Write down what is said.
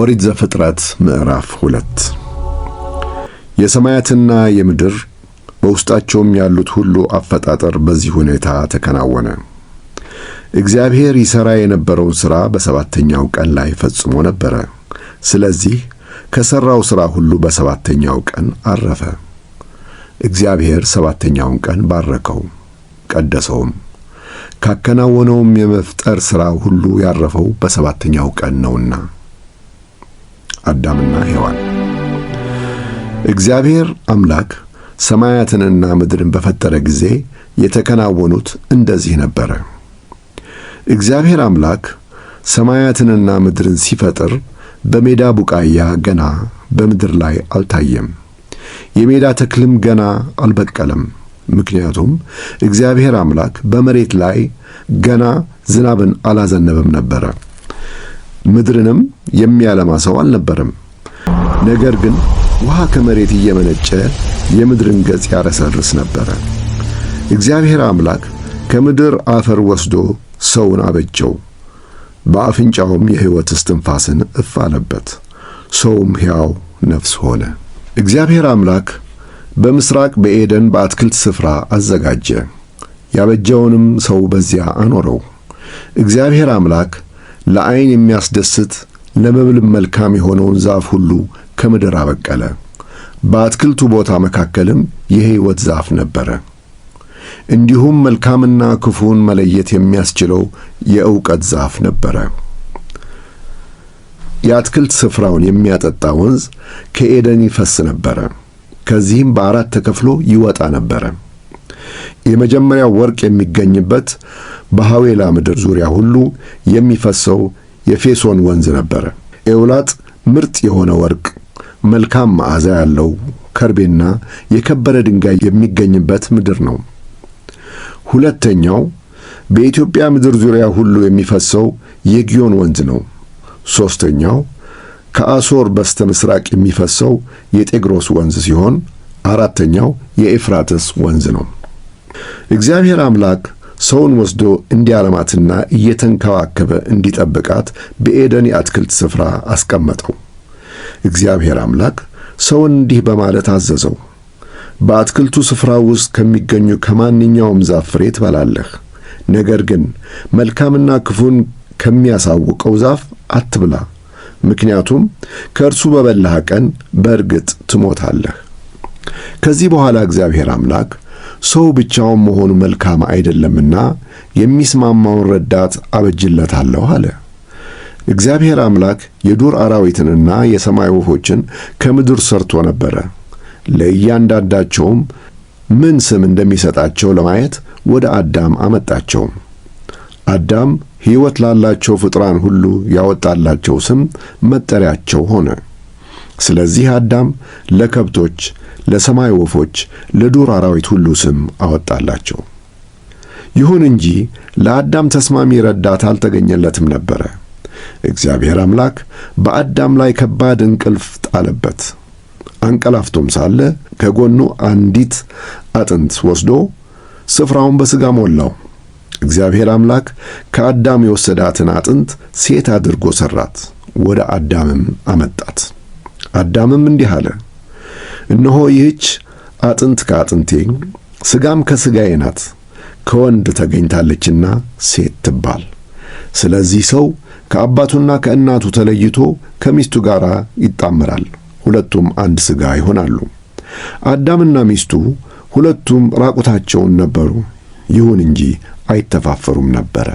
ኦሪት ዘፍጥረት ምዕራፍ ሁለት የሰማያትና የምድር በውስጣቸውም ያሉት ሁሉ አፈጣጠር በዚህ ሁኔታ ተከናወነ። እግዚአብሔር ይሠራ የነበረውን ሥራ በሰባተኛው ቀን ላይ ፈጽሞ ነበረ። ስለዚህ ከሠራው ሥራ ሁሉ በሰባተኛው ቀን አረፈ። እግዚአብሔር ሰባተኛውን ቀን ባረከው፣ ቀደሰውም። ካከናወነውም የመፍጠር ሥራ ሁሉ ያረፈው በሰባተኛው ቀን ነውና አዳምና ሔዋን። እግዚአብሔር አምላክ ሰማያትንና ምድርን በፈጠረ ጊዜ የተከናወኑት እንደዚህ ነበረ። እግዚአብሔር አምላክ ሰማያትንና ምድርን ሲፈጥር በሜዳ ቡቃያ ገና በምድር ላይ አልታየም። የሜዳ ተክልም ገና አልበቀለም። ምክንያቱም እግዚአብሔር አምላክ በመሬት ላይ ገና ዝናብን አላዘነበም ነበረ። ምድርንም የሚያለማ ሰው አልነበረም። ነገር ግን ውሃ ከመሬት እየመነጨ የምድርን ገጽ ያረሰርስ ነበረ። እግዚአብሔር አምላክ ከምድር አፈር ወስዶ ሰውን አበጀው። በአፍንጫውም የሕይወት እስትንፋስን እፍ አለበት። ሰውም ሕያው ነፍስ ሆነ። እግዚአብሔር አምላክ በምሥራቅ በኤደን በአትክልት ስፍራ አዘጋጀ። ያበጀውንም ሰው በዚያ አኖረው። እግዚአብሔር አምላክ ለአይን የሚያስደስት ለመብልም መልካም የሆነውን ዛፍ ሁሉ ከምድር አበቀለ። በአትክልቱ ቦታ መካከልም የሕይወት ዛፍ ነበረ። እንዲሁም መልካምና ክፉን መለየት የሚያስችለው የእውቀት ዛፍ ነበረ። የአትክልት ስፍራውን የሚያጠጣ ወንዝ ከኤደን ይፈስ ነበረ። ከዚህም በአራት ተከፍሎ ይወጣ ነበረ። የመጀመሪያው ወርቅ የሚገኝበት በሐዌላ ምድር ዙሪያ ሁሉ የሚፈሰው የፌሶን ወንዝ ነበረ። ኤውላጥ ምርጥ የሆነ ወርቅ፣ መልካም መዓዛ ያለው ከርቤና የከበረ ድንጋይ የሚገኝበት ምድር ነው። ሁለተኛው በኢትዮጵያ ምድር ዙሪያ ሁሉ የሚፈሰው የጊዮን ወንዝ ነው። ሦስተኛው ከአሶር በስተ ምስራቅ የሚፈሰው የጤግሮስ ወንዝ ሲሆን አራተኛው የኤፍራትስ ወንዝ ነው። እግዚአብሔር አምላክ ሰውን ወስዶ እንዲያለማትና እየተንከባከበ እንዲጠብቃት በኤደን የአትክልት ስፍራ አስቀመጠው። እግዚአብሔር አምላክ ሰውን እንዲህ በማለት አዘዘው፣ በአትክልቱ ስፍራ ውስጥ ከሚገኙ ከማንኛውም ዛፍ ፍሬ ትበላለህ፣ ነገር ግን መልካምና ክፉን ከሚያሳውቀው ዛፍ አትብላ፣ ምክንያቱም ከእርሱ በበላህ ቀን በእርግጥ ትሞታለህ። ከዚህ በኋላ እግዚአብሔር አምላክ ሰው ብቻውን መሆኑ መልካም አይደለምና የሚስማማውን ረዳት አበጅለታለሁ አለ። እግዚአብሔር አምላክ የዱር አራዊትንና የሰማይ ወፎችን ከምድር ሰርቶ ነበረ። ለእያንዳንዳቸውም ምን ስም እንደሚሰጣቸው ለማየት ወደ አዳም አመጣቸው። አዳም ሕይወት ላላቸው ፍጥራን ሁሉ ያወጣላቸው ስም መጠሪያቸው ሆነ። ስለዚህ አዳም ለከብቶች ለሰማይ ወፎች፣ ለዱር አራዊት ሁሉ ስም አወጣላቸው። ይሁን እንጂ ለአዳም ተስማሚ ረዳት አልተገኘለትም ነበረ። እግዚአብሔር አምላክ በአዳም ላይ ከባድ እንቅልፍ ጣለበት። አንቀላፍቶም ሳለ ከጎኑ አንዲት አጥንት ወስዶ ስፍራውን በሥጋ ሞላው። እግዚአብሔር አምላክ ከአዳም የወሰዳትን አጥንት ሴት አድርጎ ሠራት፣ ወደ አዳምም አመጣት። አዳምም እንዲህ አለ እነሆ ይህች አጥንት ከአጥንቴ ስጋም ከስጋዬ ናት፣ ከወንድ ተገኝታለችና ሴት ትባል። ስለዚህ ሰው ከአባቱና ከእናቱ ተለይቶ ከሚስቱ ጋር ይጣመራል፣ ሁለቱም አንድ ስጋ ይሆናሉ። አዳምና ሚስቱ ሁለቱም ራቁታቸውን ነበሩ፣ ይሁን እንጂ አይተፋፈሩም ነበረ።